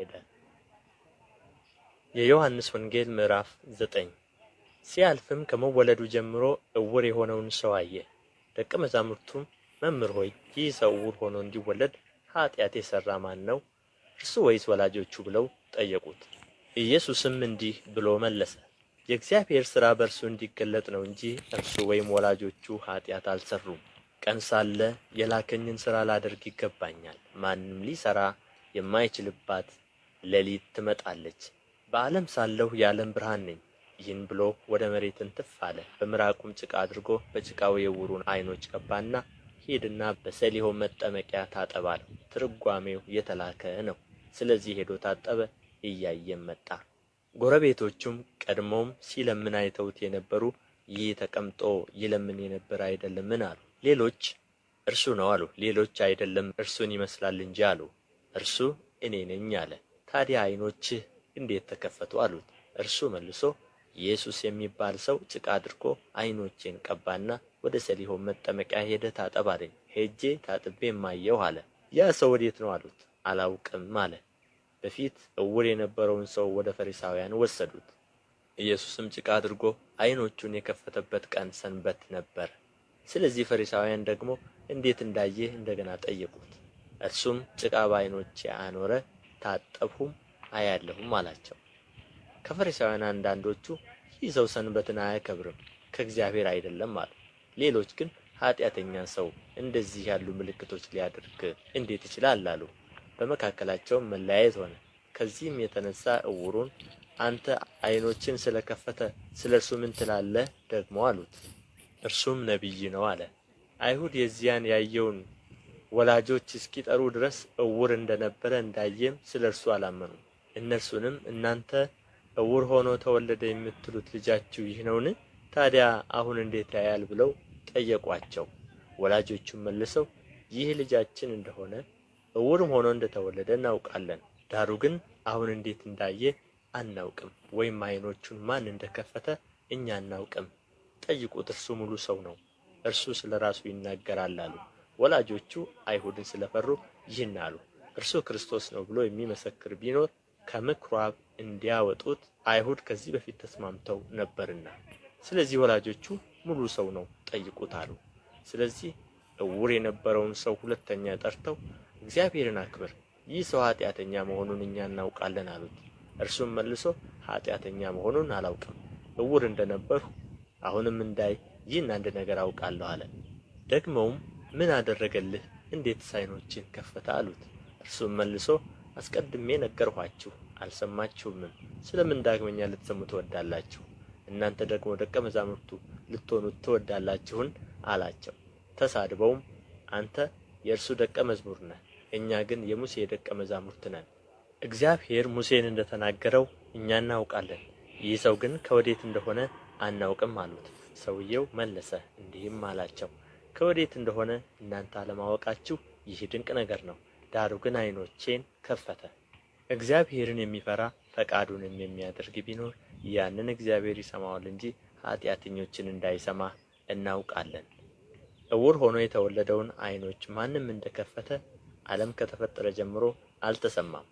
ሄደ። የዮሐንስ ወንጌል ምዕራፍ ዘጠኝ ሲያልፍም ከመወለዱ ጀምሮ እውር የሆነውን ሰው አየ። ደቀ መዛሙርቱም መምህር ሆይ ይህ ሰው እውር ሆኖ እንዲወለድ ኃጢአት የሠራ ማን ነው? እርሱ ወይስ ወላጆቹ ብለው ጠየቁት። ኢየሱስም እንዲህ ብሎ መለሰ፣ የእግዚአብሔር ሥራ በእርሱ እንዲገለጥ ነው እንጂ እርሱ ወይም ወላጆቹ ኃጢአት አልሠሩም። ቀን ሳለ የላከኝን ሥራ ላደርግ ይገባኛል። ማንም ሊሠራ የማይችልባት ሌሊት ትመጣለች በዓለም ሳለሁ የዓለም ብርሃን ነኝ ይህን ብሎ ወደ መሬት እንትፍ አለ በምራቁም ጭቃ አድርጎ በጭቃው የዕውሩን ዓይኖች ቀባና ሂድና በሰሊሆ መጠመቂያ ታጠብ አለው ትርጓሜው የተላከ ነው ስለዚህ ሄዶ ታጠበ እያየም መጣ ጎረቤቶቹም ቀድሞም ሲለምን አይተውት የነበሩ ይህ ተቀምጦ ይለምን የነበረ አይደለምን አሉ ሌሎች እርሱ ነው አሉ ሌሎች አይደለም እርሱን ይመስላል እንጂ አሉ እርሱ እኔ ነኝ አለ ታዲያ ዓይኖችህ እንዴት ተከፈቱ አሉት እርሱ መልሶ ኢየሱስ የሚባል ሰው ጭቃ አድርጎ ዓይኖቼን ቀባና ወደ ሰሊሆም መጠመቂያ ሄደህ ታጠብ አለኝ ሄጄ ታጥቤ አየሁ አለ ያ ሰው ወዴት ነው አሉት አላውቅም አለ በፊት እውር የነበረውን ሰው ወደ ፈሪሳውያን ወሰዱት ኢየሱስም ጭቃ አድርጎ ዓይኖቹን የከፈተበት ቀን ሰንበት ነበር! ስለዚህ ፈሪሳውያን ደግሞ እንዴት እንዳየህ እንደገና ጠየቁት እርሱም ጭቃ በዓይኖቼ አኖረ ታጠብሁም አያለሁም አላቸው ከፈሪሳውያን አንዳንዶቹ ይህ ሰው ሰንበትን አያከብርም ከእግዚአብሔር አይደለም አሉ ሌሎች ግን ኃጢአተኛ ሰው እንደዚህ ያሉ ምልክቶች ሊያደርግ እንዴት ይችላል አሉ በመካከላቸውም መለያየት ሆነ ከዚህም የተነሳ እውሩን አንተ ዓይኖችን ስለ ከፈተ ስለ እርሱ ምን ትላለህ ደግሞ አሉት እርሱም ነቢይ ነው አለ አይሁድ የዚያን ያየውን ወላጆች እስኪጠሩ ድረስ እውር እንደነበረ እንዳየም ስለ እርሱ አላመኑም እነርሱንም እናንተ እውር ሆኖ ተወለደ የምትሉት ልጃችሁ ይህ ነውን ታዲያ አሁን እንዴት ያያል ብለው ጠየቋቸው ወላጆቹም መልሰው ይህ ልጃችን እንደሆነ እውርም ሆኖ እንደ ተወለደ እናውቃለን ዳሩ ግን አሁን እንዴት እንዳየ አናውቅም ወይም ዓይኖቹን ማን እንደከፈተ እኛ አናውቅም ጠይቁት እርሱ ሙሉ ሰው ነው እርሱ ስለ ራሱ ይናገራል አሉ ወላጆቹ አይሁድን ስለፈሩ ይህን አሉ እርሱ ክርስቶስ ነው ብሎ የሚመሰክር ቢኖር ከምኵራብ እንዲያወጡት አይሁድ ከዚህ በፊት ተስማምተው ነበርና ስለዚህ ወላጆቹ ሙሉ ሰው ነው ጠይቁት አሉ ስለዚህ እውር የነበረውን ሰው ሁለተኛ ጠርተው እግዚአብሔርን አክብር ይህ ሰው ኃጢአተኛ መሆኑን እኛ እናውቃለን አሉት እርሱም መልሶ ኃጢአተኛ መሆኑን አላውቅም እውር እንደነበሩ አሁንም እንዳይ ይህን አንድ ነገር አውቃለሁ አለ ደግመውም ምን አደረገልህ እንዴት ዓይኖችህን ከፈተ አሉት እርሱም መልሶ አስቀድሜ ነገርኋችሁ አልሰማችሁምም ስለ ምን ዳግመኛ ልትሰሙ ትወዳላችሁ እናንተ ደግሞ ደቀ መዛሙርቱ ልትሆኑ ትወዳላችሁን አላቸው ተሳድበውም አንተ የእርሱ ደቀ መዝሙር ነህ እኛ ግን የሙሴ ደቀ መዛሙርት ነን እግዚአብሔር ሙሴን እንደ ተናገረው እኛ እናውቃለን ይህ ሰው ግን ከወዴት እንደሆነ አናውቅም አሉት ሰውየው መለሰ እንዲህም አላቸው ከወዴት እንደሆነ እናንተ አለማወቃችሁ ይህ ድንቅ ነገር ነው ዳሩ ግን ዓይኖቼን ከፈተ እግዚአብሔርን የሚፈራ ፈቃዱንም የሚያደርግ ቢኖር ያንን እግዚአብሔር ይሰማዋል እንጂ ኃጢአተኞችን እንዳይሰማ እናውቃለን እውር ሆኖ የተወለደውን ዓይኖች ማንም እንደ ከፈተ ዓለም ከተፈጠረ ጀምሮ አልተሰማም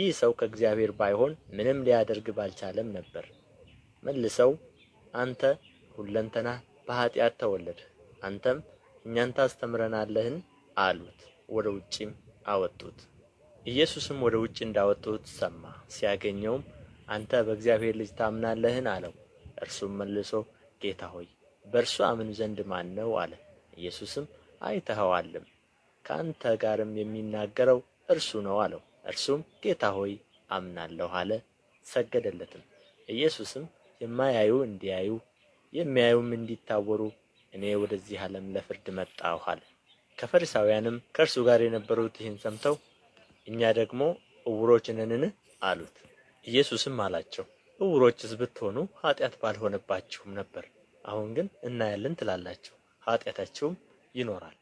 ይህ ሰው ከእግዚአብሔር ባይሆን ምንም ሊያደርግ ባልቻለም ነበር መልሰው አንተ ሁለንተናህ በኃጢአት ተወለድህ አንተም እኛን ታስተምረናለህን አሉት ወደ ውጭም አወጡት ኢየሱስም ወደ ውጭ እንዳወጡት ሰማ ሲያገኘውም አንተ በእግዚአብሔር ልጅ ታምናለህን አለው እርሱም መልሶ ጌታ ሆይ በእርሱ አምን ዘንድ ማን ነው አለ ኢየሱስም አይተኸዋልም ከአንተ ጋርም የሚናገረው እርሱ ነው አለው እርሱም ጌታ ሆይ አምናለሁ አለ ሰገደለትም ኢየሱስም የማያዩ እንዲያዩ የሚያዩም እንዲታወሩ እኔ ወደዚህ ዓለም ለፍርድ መጣሁ አለ ከፈሪሳውያንም ከእርሱ ጋር የነበሩት ይህን ሰምተው እኛ ደግሞ ዕውሮች ነንን አሉት ኢየሱስም አላቸው ዕውሮችስ ብትሆኑ ኃጢአት ባልሆነባችሁም ነበር አሁን ግን እናያለን ትላላችሁ ኃጢአታችሁም ይኖራል